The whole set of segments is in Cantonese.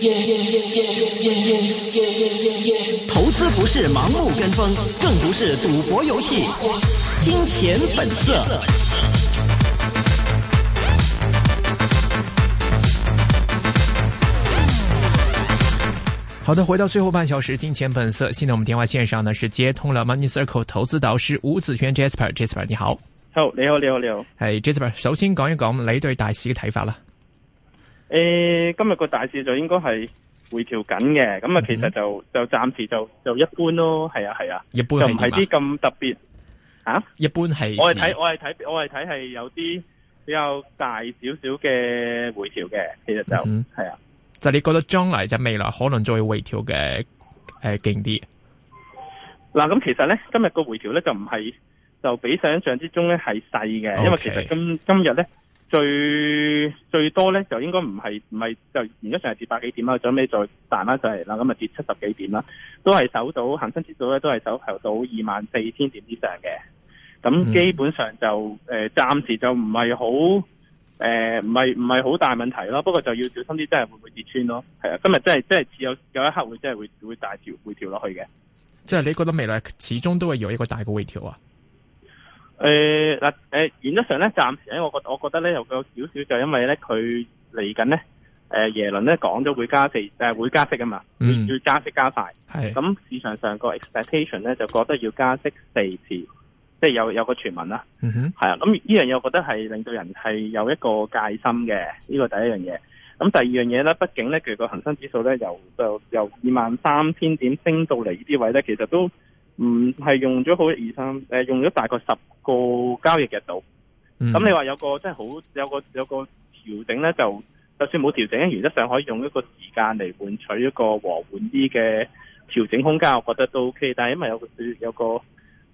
Yeah, yeah, yeah, yeah, yeah, yeah, yeah, yeah, 投資不是盲目跟風，更不是賭博遊戲，《金錢本色》。好的，回到最後半小時，《金錢本色》。現在我們電話線上呢是接通了 Money Circle 投資導師吳子軒 Jasper Jasper，你好。Hello，、oh, 你好，你好，你好。係、hey, Jasper，首先講一講你對大市嘅睇法了。誒、欸，今日個大市就應該係回調緊嘅，咁啊，其實就、嗯、就暫時就就一般咯，係啊係啊，一般係唔係啲咁特別啊？一般係，我係睇我係睇我係睇係有啲比較大少少嘅回調嘅，其實就係、嗯、啊，就你覺得將來就未來可能再回調嘅誒勁啲？嗱、呃、咁、啊、其實咧，今日個回調咧就唔係就比想象之中咧係細嘅，Okay. 因為其實今今日咧。最最多咧就應該唔係唔係就而家仲係跌百幾點啦，最後尾再彈翻上嚟啦，咁、就、啊、是、跌七十幾點啦，都係守到恒生指數咧都係守頭到二萬四千點以上嘅，咁基本上就誒、呃、暫時就唔係好誒唔係唔係好大問題咯，不過就要小心啲，真係會唔會跌穿咯？係啊，今日真係真係有有一刻會真係會會大調會調落去嘅。即係你覺得未來始終都會有一個大嘅回調啊？誒嗱誒，原則上咧，暫時咧，我覺我覺得咧，有個少少就因為咧，佢嚟緊咧，誒、呃、耶倫咧講咗會加息，誒會加息噶嘛，要、嗯、要加息加快，係咁市場上個 expectation 咧就覺得要加息四次，即係有有個傳聞啦，嗯、哼，係啊，咁呢樣嘢我覺得係令到人係有一個戒心嘅，呢、呢個第一樣嘢。咁第二樣嘢咧，畢竟咧佢個恒生指數咧由、呃、由由二萬三千點升到嚟呢啲位咧，其實都。唔、嗯、係用咗好二三，誒用咗大概十個交易日度。咁、嗯、你話有個真係好有個有個調整咧，就就算冇調整，原則上可以用一個時間嚟換取一個和緩啲嘅調整空間，我覺得都 O K。但係因為有個有個誒、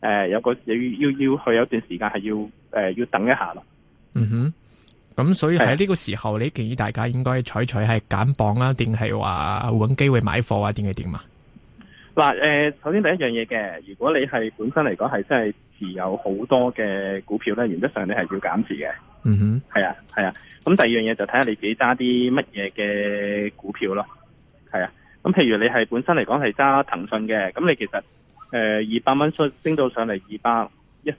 呃、有個要要要去有段時間係要誒、呃、要等一下咯。嗯哼，咁、嗯、所以喺呢個時候，你建議大家應該採取係減磅啊，定係話搵機會買貨啊，定係點啊？嗱，誒，首先第一樣嘢嘅，如果你係本身嚟講係真係持有好多嘅股票咧，原則上你係要減持嘅。嗯哼，係啊，係啊。咁第二樣嘢就睇下你自己揸啲乜嘢嘅股票咯。係啊，咁譬如你係本身嚟講係揸騰訊嘅，咁你其實誒二百蚊出升到上嚟二百一十。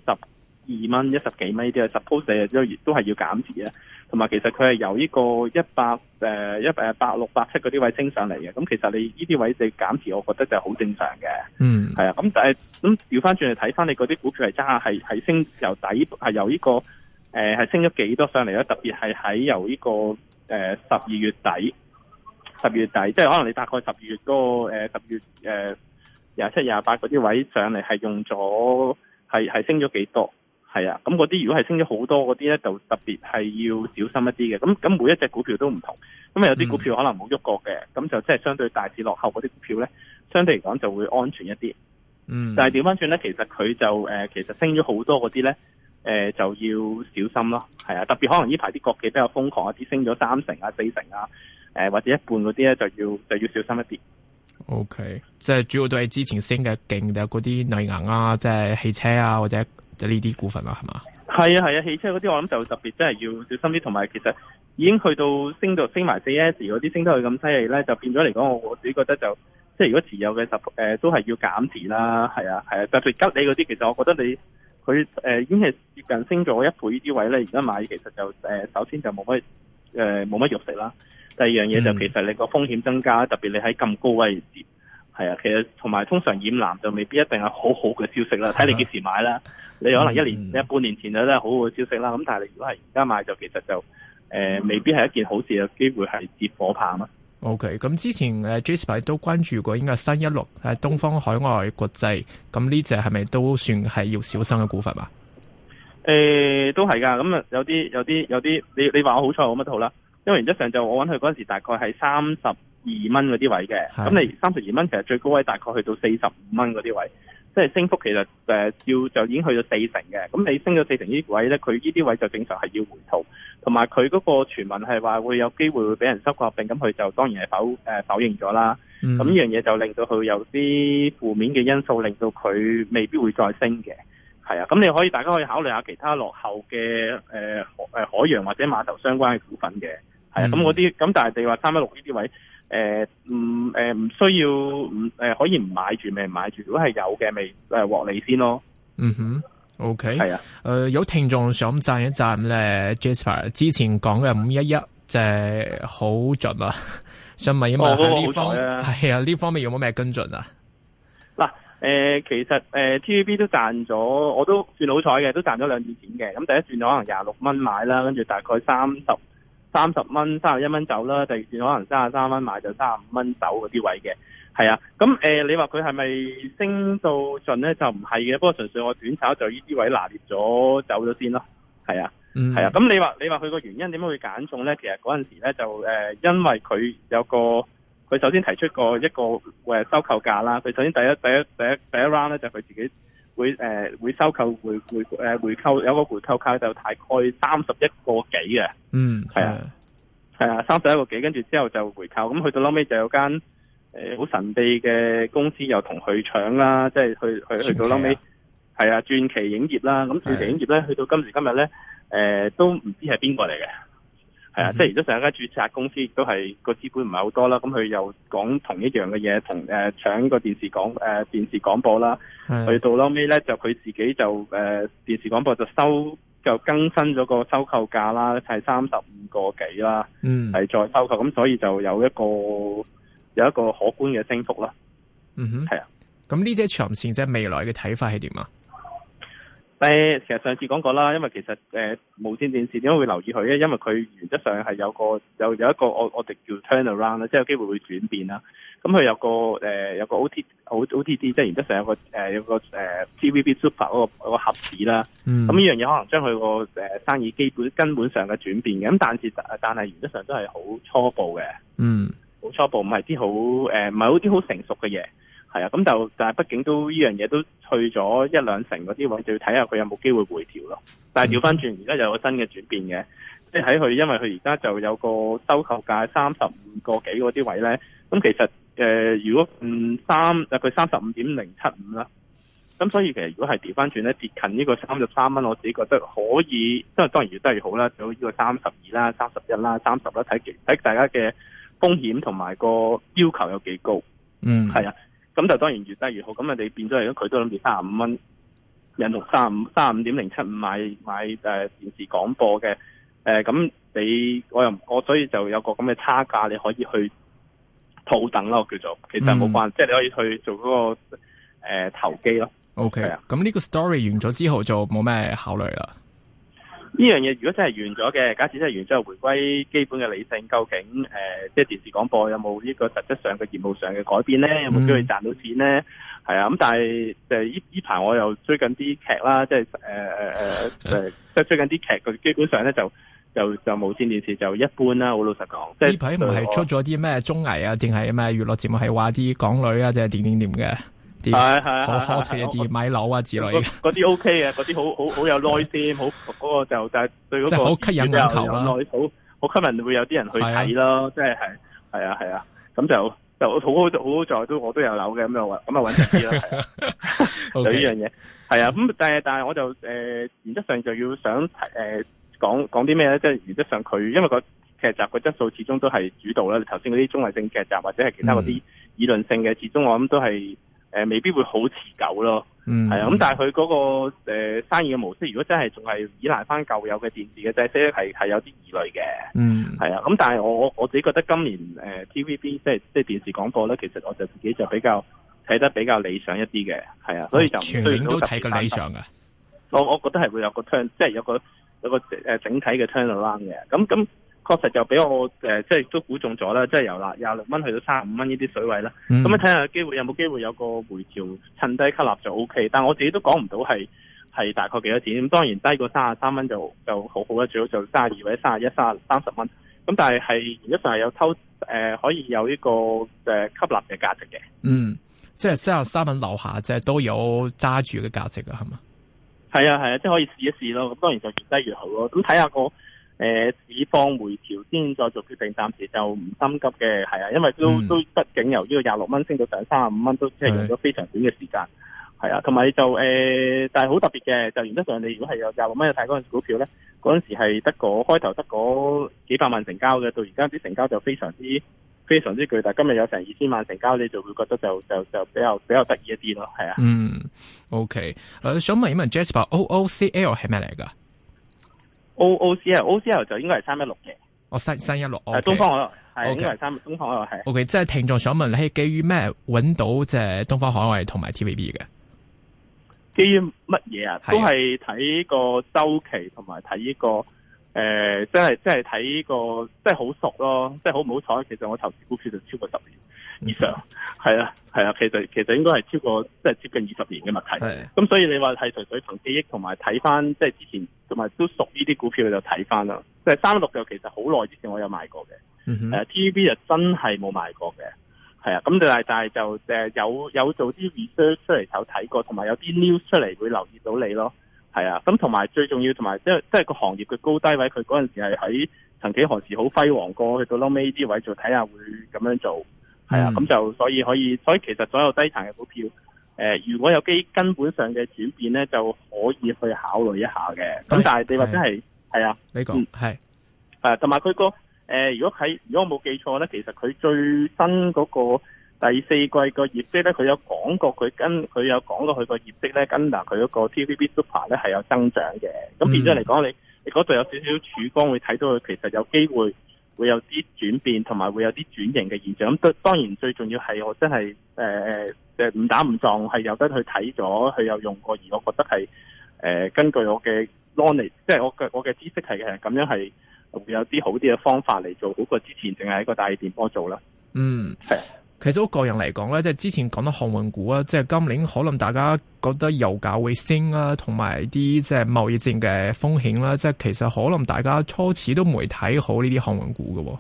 二蚊一十幾蚊呢啲啊，十鋪四日都都係要減持嘅，同埋其實佢係由呢個一百誒一誒八六百七嗰啲位升上嚟嘅，咁其實你呢啲位你減持，我覺得就係好正常嘅。嗯，係啊，咁誒咁調翻轉嚟睇翻你嗰啲股票係爭係係升由底由、呢個呃、呢個係升咗幾多上嚟咧？特別係喺由呢、呢個誒十二月底十月底，即係、即係、可能你大概十月嗰、嗰個十、呃、月誒廿七廿八嗰啲位上嚟係用咗係係升咗幾多？係啊，咁嗰啲如果係升咗好多嗰啲咧，就特別係要小心一啲嘅。咁咁每一隻股票都唔同，咁有啲股票可能冇喐過嘅，咁、嗯、就即係相對大市落後嗰啲股票咧，相對嚟講就會安全一啲。嗯，但係掉返轉咧，其實佢就誒，其實升咗好多嗰啲咧，誒、呃、就要小心咯。係啊，特別可能呢排啲國企比較瘋狂一啲升咗三成啊、四成啊，誒、呃、或者一半嗰啲咧，就要就要小心一啲。OK，即係主要都係之前升嘅勁嘅嗰啲內銀啊，即係汽車啊，或者。就呢啲股份啦，係嘛？係啊，係啊，汽車嗰啲我諗就特別真係要小心啲，同埋其實已經去到升到升埋四 S 嗰啲升得去咁犀利咧，就變咗嚟講，我我自己覺得就即係如果持有嘅十誒都係要減持啦，係啊，係啊，特別吉利嗰啲，其實我覺得你佢誒、呃、已經係接近升咗一倍啲位咧，而家買其實就誒、呃、首先就冇乜誒冇乜肉食啦，第二樣嘢就是其實你個風險增加，嗯、特別你喺咁高位。係啊，其實同埋通常染藍就未必一定係好好嘅消息啦，睇你幾時買啦、啊。你可能一年、嗯、你半年前就真係好好嘅消息啦。咁但係你如果係而家買就其實就誒、呃、未必係一件好事嘅，機會係接火棒啊。O K，咁之前誒 Jasper 都關注過，應該三一六係東方海外國際。咁、嗯、呢隻係咪都算係要小心嘅股份啊？誒、呃，都係噶。咁啊，有啲有啲有啲，你你話我好彩好乜都好啦。因為原則上就我搵佢嗰陣時大概係三十。二蚊嗰啲位嘅，咁你三十二蚊，其實最高位大概去到四十五蚊嗰啲位，即係升幅其實誒要，要就已經去到四成嘅。咁你升到四成呢啲位咧，佢呢啲位就正常係要回吐，同埋佢嗰個傳聞係話會有機會會俾人收購併。咁，佢就當然係否、呃、否認咗啦。咁呢樣嘢就令到佢有啲負面嘅因素，令到佢未必會再升嘅。係啊，咁你可以大家可以考慮下其他落後嘅誒誒海洋或者碼頭相關嘅股份嘅。係啊，咁嗰啲咁但係你話三一六呢啲位。誒、呃，唔、嗯、誒，唔、呃、需要，唔、呃、誒，可以唔買住咪買住，如果係有嘅咪誒獲利先咯。嗯哼，OK，係啊。誒、呃，有聽眾想讚一讚咧，Jasper 之前講嘅五一一即係好準啊， 想問一問呢方係、哦、啊，呢、啊、方面有冇咩跟進啊？嗱、呃，誒、呃，其實誒、呃、TVB 都賺咗，我都算好彩嘅，都賺咗兩次錢嘅。咁第一轉咗可能廿六蚊買啦，跟住大概三十。三十蚊、三十一蚊走啦，第二段可能三十三蚊買就三十五蚊走嗰啲位嘅，係啊。咁誒、呃，你話佢係咪升到盡咧？就唔係嘅，不過純粹我短炒就呢啲位拿捏咗走咗先咯，係啊，係啊，mm-hmm。咁你話你話佢個原因點樣會揀中咧？其實嗰陣時咧就誒、呃，因為佢有個佢首先提出過一個誒收購價啦，佢首先第一第一第一第一 round 咧就係佢自己。會誒、呃、會收購、呃、回回誒回購有個回購價就大概三十一個幾、嗯、啊，嗯係啊係啊，三十一個幾跟住之後就回購，咁去到後屘就有間誒好神秘嘅公司又同佢搶啦，即係去去去到後屘係啊傳、啊、奇影業啦，咁傳奇影業咧去到今時今日咧誒、呃、都唔知係邊個嚟嘅。係、嗯、啊，即係而家一間註冊公司都係個資本唔係好多啦，咁佢又講同一樣嘅嘢，同誒搶個電視廣誒電視廣播啦，去到後屘咧就佢自己就誒電視廣播就收就更新咗個收購價啦，係三十五個幾啦，係、嗯、再收購，咁所以就有一個有一個可觀嘅升幅啦。嗯哼，係啊，咁呢隻長線即係未來嘅睇法係點啊？誒，其實上次講過啦，因為其實誒無線電視點解會留意佢咧？因為佢原則上係有個有有一個我我哋叫 turn around 啦，即係有機會會轉變啦。咁佢有個誒、呃、有個 O T O T D，即係原則上有個誒、呃、有個誒 T V B Super 嗰個嗰個盒子啦。咁、嗯、呢樣嘢可能將佢個誒生意基本根本上嘅轉變嘅。咁但係但係原則上都係好初步嘅。嗯，好初步，唔係啲好誒，唔係好啲好成熟嘅嘢。係啊，咁就但係畢竟都呢樣嘢都去咗一兩成嗰啲位，就要睇下佢有冇機會回調咯。但係調翻轉，而家有個新嘅轉變嘅，即係喺佢，因為佢而家就有個收購價三十五個幾嗰啲位咧。咁其實誒、呃，如果嗯三，就佢三十五點零七五啦。咁所以其實如果係調翻轉咧，跌近呢個三十三蚊，我自己覺得可以，因為當然越低越好啦。到呢個三十二啦、三十一啦、三十啦，睇睇大家嘅風險同埋個要求有幾高。嗯，係啊。咁就當然越低越好。咁人你變咗嚟咯，佢都諗住三十五蚊，人用三五三五點零七五買，買誒電視廣播嘅誒。咁、呃、你我又我，所以就有個咁嘅差價，你可以去套等咯，我叫做其實冇關。嗯、即係你可以去做嗰、嗰個誒、呃、投機咯。O、okay, K 啊，咁呢個 story 完咗之後就冇咩考慮啦。呢樣嘢如果真係完咗嘅，假設真係完咗，回歸基本嘅理性，究竟、呃、即係電視廣播有冇呢個實質上嘅業務上嘅改變咧？有冇機會賺到錢咧？係、嗯、啊，咁但係誒，依依排我又追緊啲劇啦，即係誒、呃呃嗯、即係追緊啲劇，佢基本上咧就就就，就無線電視就一般啦。好老實講，即係呢排唔係出咗啲咩綜藝啊，定係咩娛樂節目係話啲港女啊，定係點點點嘅？係係係，買樓啊之類嗰啲 OK 嘅，嗰啲好好好有耐先，好嗰、那個就對個就對嗰個，好吸引眼球好好吸引會有啲人去睇咯，即係係係啊係啊，咁就就好好好在都我都有樓嘅，咁就咁就搵啲啦。就呢樣嘢，係啊，咁但係但係我就誒 是的、 okay 呃，原則上就要想誒講講啲咩咧，即、呃、係、就是、原則上佢因為個劇集嘅質素始終都係主導啦。頭先嗰啲綜藝性劇集或者係其他嗰啲議論性嘅，嗯、始終我諗都係。誒、呃、未必會好持久咯，嗯，係啊，咁但係佢嗰個、呃、生意嘅模式，如果真係仲係依賴翻舊有嘅電視嘅制式咧，係係有啲疑慮嘅，嗯，係啊，咁但係我我我自己覺得今年誒 TVB 即係即係電視廣播咧，其實我就自己就比較睇得比較理想一啲嘅，係啊、哦，所以就特別單單全年都睇嘅理想啊，我我覺得係會有個 turn 即係有個有個整體嘅 turnaround 嘅，咁咁。確實就俾我誒、呃，即係都估中咗啦，即係由啦廿六蚊去到三十五蚊呢啲水位啦。咁你睇下機會，有冇機會有個回調，趁低吸納就 O K。但係我自己都講唔到係係大概幾多錢。咁當然低過三十三蚊就就好好啦，最好就三十二或者三十一、三三十蚊。咁但係係如果上係有偷誒、呃，可以有呢個誒吸納嘅價值嘅。嗯，即係三十三蚊樓下即係都有揸住嘅價值噶，係嘛？係啊係啊，即、啊就係、可以試一試咯。咁當然就越低越好咯。咁睇下個。誒、呃，市況回調先再做決定，暫時就唔心急嘅，係啊，因為都、嗯、都畢竟由呢個廿六蚊升到上三十五蚊，都即係用咗非常短嘅時間，係啊，同埋就誒、呃，但係好特別嘅，就原則上你如果係有廿六蚊去睇嗰隻股票咧，嗰陣時係得嗰開頭得嗰幾百萬成交嘅，到而家啲成交就非常之非常之巨大，今日有成二千萬成交，你就會覺得就就就比較比較得意一啲咯，係啊，嗯，OK，誒、uh，，想問一問 Jasper，O O C L 係咩嚟噶？OOCL，OOCL 就應該係三一六嘅，哦三三一六，誒，東方海外係，應該係三，東方海外係。O、okay, K，即係聽眾想問你係基於咩搵到即係東方海外同埋 T V B 嘅？基於乜嘢啊？都係睇個周期同埋睇呢個。誒、呃，即係即係睇個，即係好熟咯，即係好唔好彩。其實我投資股票就超過十年以上，係、mm -hmm. 啊係啊。其實其實應該係超過，即係接近二十年嘅問題。咁、mm -hmm. 嗯、所以你話係純粹憑記憶同埋睇翻，即係之前同埋都熟呢啲股票就睇翻啦。即係三六就其實好耐之前我有買過嘅。誒 T V B 就真係冇買過嘅，係啊。咁但係但就有有做啲 research 出嚟有睇過，同埋有啲 news 出嚟會留意到你咯。係啊，咁同埋最重要，同埋即係即係個行業嘅高低位，佢嗰陣時係喺曾幾何時好輝煌過，過去到後尾呢啲位就睇下會咁樣做。係、嗯、啊，咁就所以可以，所以其實所有低層嘅股票，誒、呃，如果有基根本上嘅轉變咧，就可以去考慮一下嘅。咁但係你話，真係係啊，你講係，誒、嗯，同埋佢個誒，如果喺如果我冇記錯咧，其實佢最新嗰、那個。第四季個業績咧，佢有講過佢跟佢有講過佢個業績咧跟，嗱佢嗰個 T V B Super 咧係有增長嘅，咁變咗嚟講，你你嗰度有少少曙光，會睇到佢其實有機會會有啲轉變，同埋會有啲轉型嘅現象。咁當然最重要係我真係誒誒誤打誤撞係有得去睇咗，佢有用過而我覺得係誒、呃、根據我嘅 knowledge 即係我嘅我嘅知識係係咁樣係會有啲好啲嘅方法嚟做好過之前淨係喺個大電波做啦。嗯，係。其實我個人嚟講咧，即係之前講到航運股啊，即係今年可能大家覺得油價會升啊，同埋啲即係貿易戰嘅風險啦，即係其實可能大家初始都唔會睇好呢啲航運股嘅。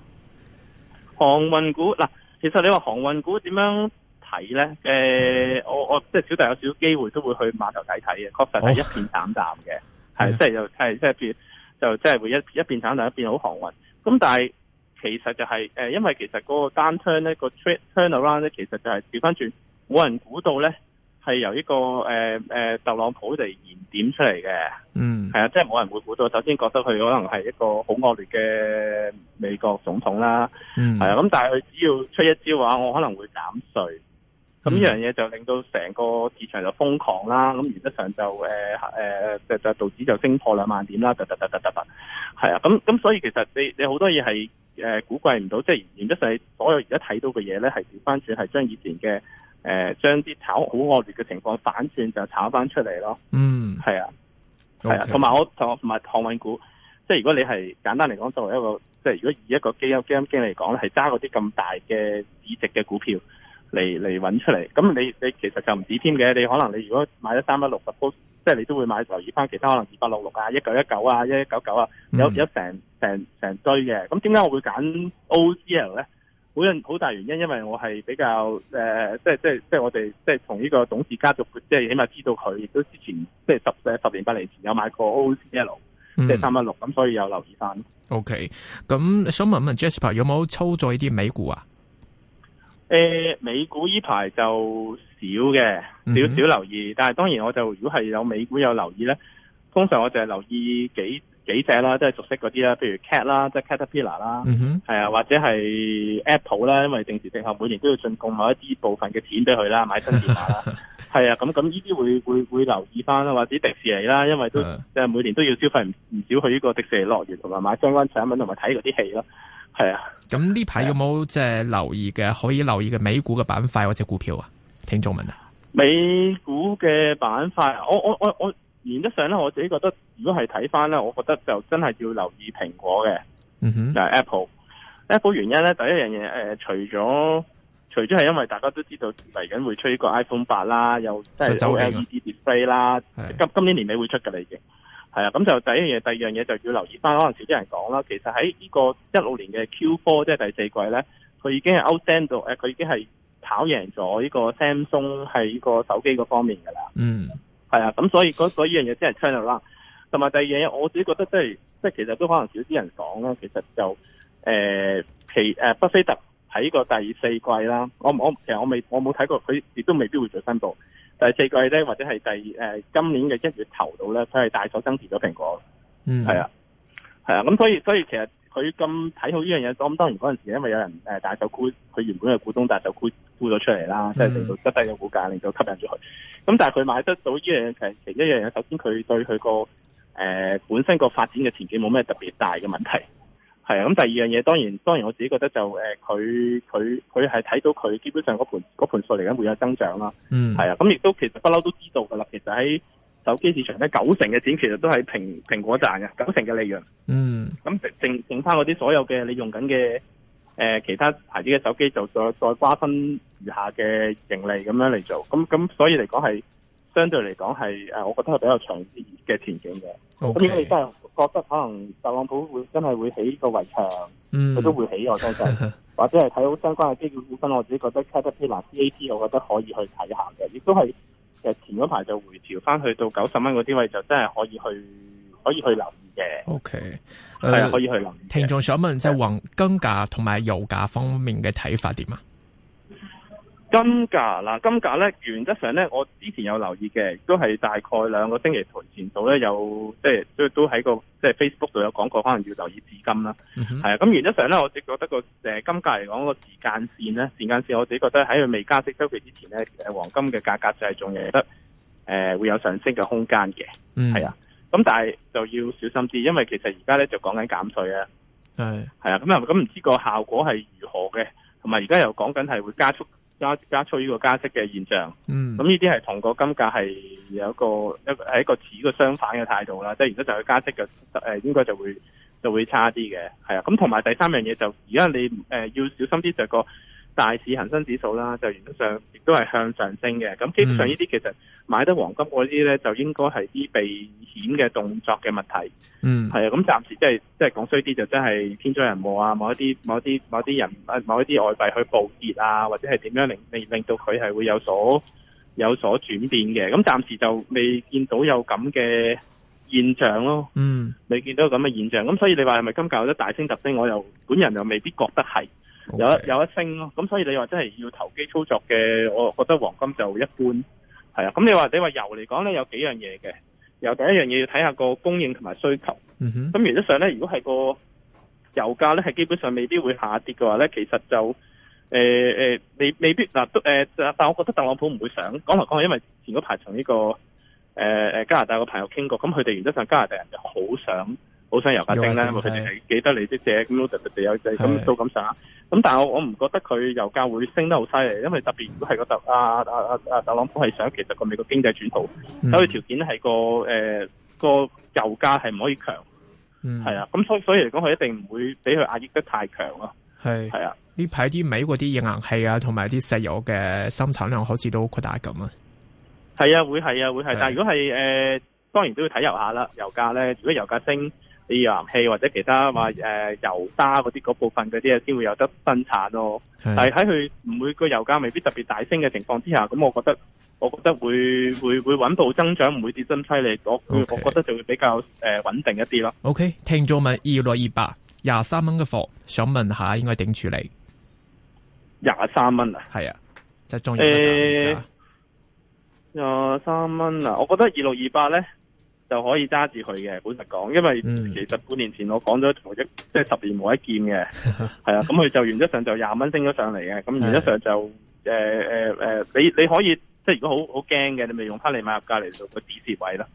航運股嗱，其實你話航運股點樣睇咧？誒、呃嗯，我我即係小弟有少機會都會去碼頭睇睇嘅，確實係一片慘淡嘅，係即係又係即係變，就即係會一一片慘淡，淡，一邊好航運。咁但係。其實就係、是、誒、呃，因為其實嗰個單 turn 咧，個 turn turnaround 咧，其實就係調翻轉，冇人估到咧係由一個誒誒特朗普嚟燃點出嚟嘅，嗯，係啊，即係冇人會估到。首先覺得佢可能係一個好惡劣嘅美國總統啦，係、嗯、啊，咁但係佢只要出一招嘅話，我可能會減稅。咁、嗯、呢樣嘢就令到成個市場就瘋狂啦！咁原則上就誒誒，就、呃、就道指就升破兩萬點啦！突突突突突突，係啊！咁咁所以其實你你好多嘢係誒估計唔到，即、呃、係、就係、原則上所有而家睇到嘅嘢咧，係調翻轉係將以前嘅誒、呃、將啲炒好惡劣嘅情況反轉，就炒翻出嚟咯。嗯，係啊，啊、okay.，同埋我同埋航運股，即係如果你係簡單嚟講，作為一個即係如果以一個基金基金經理嚟講咧，係揸嗰啲咁大嘅市值嘅股票。嚟嚟揾出嚟，咁你你其實就唔止添嘅，你可能你如果買咗三一六即係你都會買留意翻其他可能二八六六啊，一九一九啊，一一九九啊，有有成成成堆嘅。咁點解我會揀 OCL 咧？好好大原因，因為我係比較誒、呃，即係即係即係我哋即係同呢個董事家族，即係起碼知道佢亦都之前即係十誒十年八年前有買過 OCL，即係三一六，咁所以有留意翻。OK，咁想問一問 Jasper 有冇操作啲美股啊？欸、美股依排就少嘅，少少留意。嗯、但係當然我就如果係有美股有留意咧，通常我就係留意幾幾隻啦，即係熟悉嗰啲啦，譬如 CAT 啦，即係 Caterpillar 啦，係、嗯、啊，或者係 Apple 啦，因為定時定候每年都要進貢某一啲部分嘅錢俾佢啦，買新電話啦，係 啊，咁咁呢啲會會會留意翻啦，或者迪士尼啦，因為都、啊、即係每年都要消費唔少去呢個迪士尼樂園同埋買相關產品同埋睇嗰啲戲咯。係啊，咁呢排有冇即係留意嘅可以留意嘅美股嘅板塊或者股票啊？聽眾問啊，美股嘅板塊，我我我我，原則上咧我自己覺得，如果係睇翻咧，我覺得就真係要留意蘋果嘅，嗯哼，就係 Apple。Apple 原因咧，第一樣嘢誒、呃，除咗除咗係因為大家都知道嚟緊會出呢個 iPhone 八啦，又即係 OLED display 啦，今今年年尾會出㗎。嚟嘅。係啊，咁就第一樣嘢，第二樣嘢就要留意翻，可能少啲人講啦。其實喺呢個一六年嘅 Q4，即係第四季咧，佢已經係 outstand 到，佢、呃、已經係跑贏咗呢個 Samsung 喺呢個手機嗰方面㗎啦。嗯，係啊，咁所以嗰以依樣嘢先係 channel 啦。同埋第二樣嘢，我自己覺得即係即係其實都可能少啲人講啦。其實就誒期誒，巴菲、呃呃、特喺個第四季啦。我我其實我未我冇睇過，佢亦都未必會再申報第四季咧，或者係第誒、呃、今年嘅一月頭到咧，佢係大手增持咗蘋果。嗯，係啊，係、嗯、啊。咁所以所以其實佢咁睇好呢樣嘢，咁當然嗰陣時，因為有人誒大手沽，佢原本嘅股東大手沽沽咗出嚟啦，即係令到低低嘅股價，令到吸引咗佢。咁、嗯嗯嗯嗯、但係佢買得到呢樣嘢，其實一樣嘢。首先佢對佢個誒本身個發展嘅前景冇咩特別大嘅問題。係啊，咁第二樣嘢，當然，當然我自己覺得就誒，佢佢佢係睇到佢基本上嗰盤嗰盤數嚟緊會有增長啦。嗯，係啊，咁亦都其實不嬲都知道㗎喇。其實喺手機市場咧，九成嘅錢其實都係蘋蘋果賺嘅，九成嘅利潤。嗯，咁剩剩翻嗰啲所有嘅你用緊嘅誒其他牌子嘅手機，就再再瓜分餘下嘅盈利咁樣嚟做。咁咁所以嚟講係。相對嚟講係誒，我覺得係比較長啲嘅前景嘅。咁如果你真係覺得可能特朗普會真係會起個圍牆，佢、嗯、都會起，我相信。 或者係睇好相關嘅基建股份，我自己覺得 Caterpillar、C A T，我覺得可以去睇下嘅。亦都係誒前嗰排就回調翻去到九十蚊嗰啲位，就真係可以去可以去留意嘅。O K，係可以去留意。聽眾想問是就係黃金價同埋油價方面嘅睇法點啊？金價啦，金價咧原則上咧，我之前有留意嘅，都係大概兩個星期前到咧有，即係都都喺個即係 Facebook 度有講過，可能要留意資金啦。係、嗯、啊，咁原則上咧，我自己覺得個誒金價嚟講個時間線咧，時間線我自己覺得喺佢未加息週期之前咧，誒黃金嘅價格就係仲係得誒、呃、會有上升嘅空間嘅。係、嗯、啊，咁但係就要小心啲，因為其實而家咧就講緊減稅啊。係係啊，咁又咁唔知個效果係如何嘅，同埋而家又講緊係會加速。加加速呢個加息嘅現象，嗯，咁呢啲係同個金價係有一個一係一個似一個相反嘅態度啦，即係而家就去加息嘅，誒、呃、應該就會就會差啲嘅，係啊，咁同埋第三樣嘢就而家你誒、呃、要小心啲就係個。大市恒生指數啦，就原則上亦都係向上升嘅。咁基本上呢啲其實買得黃金嗰啲呢，就應該係啲避險嘅動作嘅問題。嗯，係啊。咁暫時即係即係講衰啲，就真係天災人禍啊！某一啲某一啲某一啲人啊，某一啲外幣去暴跌啊，或者係點樣令令到佢係會有所有所轉變嘅。咁暫時就未見到有咁嘅現象咯。嗯，未見到有咁嘅現象。咁、嗯、所以你話係咪今屆有得大升特升？我又本人又未必覺得係。Okay. 有有一升咯，咁所以你話真係要投機操作嘅，我覺得黃金就一般，係啊。咁你話你話油嚟講咧，有幾樣嘢嘅。有第一樣嘢要睇下個供應同埋需求。咁、mm -hmm. 原則上咧，如果係個油價咧係基本上未必會下跌嘅話咧，其實就誒誒、呃，未未必嗱，誒但我覺得特朗普唔會想。講嚟講去，因為前嗰排從呢個誒誒、呃、加拿大個朋友傾過，咁佢哋原則上加拿大人就好想。好想油價升咧，因為佢哋係記得你啲借，咁老實實地有借，咁到咁上下。咁但係我我唔覺得佢油價會升得好犀利，因為特別如果係個特啊啊啊啊特朗普係想其實個美國經濟轉好，首、嗯、要條件係個誒、呃、個油價係唔可以強。嗯，係啊，咁所以所以嚟講，佢一定唔會俾佢壓抑得太強咯。係係啊，呢排啲美嗰啲液氮氣啊，同埋啲石油嘅生產量好似都擴大緊啊。係啊，會係啊，會係，但係如果係誒、呃，當然都要睇油價啦。油價咧，如果油價升。啲燃氣或者其他話誒油砂嗰啲部分嗰啲啊，先會有得生產咯。係喺佢每個油價未必特別大升嘅情況之下，咁我覺得我覺得會會會穩步增長，唔會跌真犀利。我、okay. 我覺得就會比較誒穩定一啲咯。OK，聽眾問二六二八廿三蚊嘅貨，想問一下應該點處理？廿三蚊啊，係啊，即係中意。廿三蚊啊？我覺得二六二八咧。就可以揸住佢嘅，老實講，因為其實半年前我講咗，同、嗯、即係十年冇一見嘅，係 啊，咁佢就原則上就廿蚊升咗上嚟嘅，咁 原則上就誒誒誒，你你可以即係如果好好驚嘅，你咪用翻你買入價嚟做個止蝕位咯，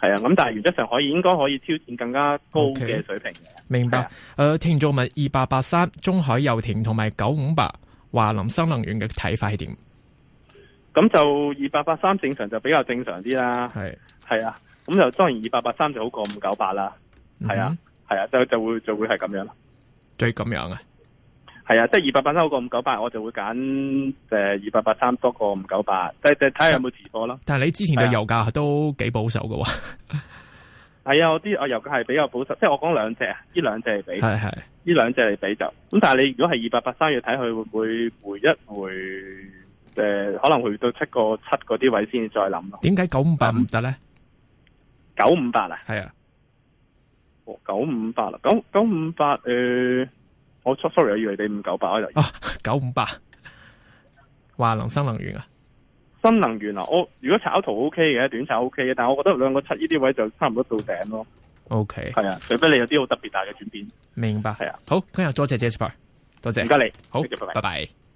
係啊，咁但係原則上可以應該可以挑戰更加高嘅水平嘅、okay,。明白。誒，聽眾問二八八三、283, 中海油田同埋九五八華林新能源嘅睇法係點？咁就二八八三正常就比較正常啲啦，係係啊。咁就當然二百八三就好過五九八啦，係、嗯、啊，係啊，就就會就會係咁樣啦，就係咁樣啊，係啊，即係二百八三好過五九八，我就會揀誒二百八三多過五九八，即即睇下有冇持貨咯。但係你之前嘅油價都幾保守嘅喎、啊啊，係 啊，我啲我油價係比較保守，即、就、係、是、我講兩隻啊，呢兩隻嚟比，係係，呢兩隻嚟比就咁。但係你如果係二百八三，要睇佢會唔會回一回誒、就是，可能回到七個七嗰啲位先至再諗咯。點解九五百唔得咧？九五八喇，係啊，哦九五八啦，九九五八誒，我錯，sorry，我以為你五九八我就、哦，啊九五八，華能新能源啊，新能源啊，我如果炒圖 O K 嘅，短炒 O K 嘅，但係我覺得兩個七呢啲位就差唔多到頂咯，O K，係啊，除非你有啲好特別大嘅轉變，明白係啊，好，今日多謝 Jasper，多謝，唔該你，好，拜拜。Bye bye bye bye